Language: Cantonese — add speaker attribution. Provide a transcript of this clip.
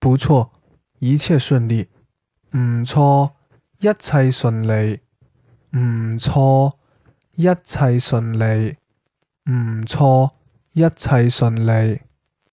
Speaker 1: 不錯，一切順利。唔錯，一切順利。唔錯，一切順利。唔錯，一切順利。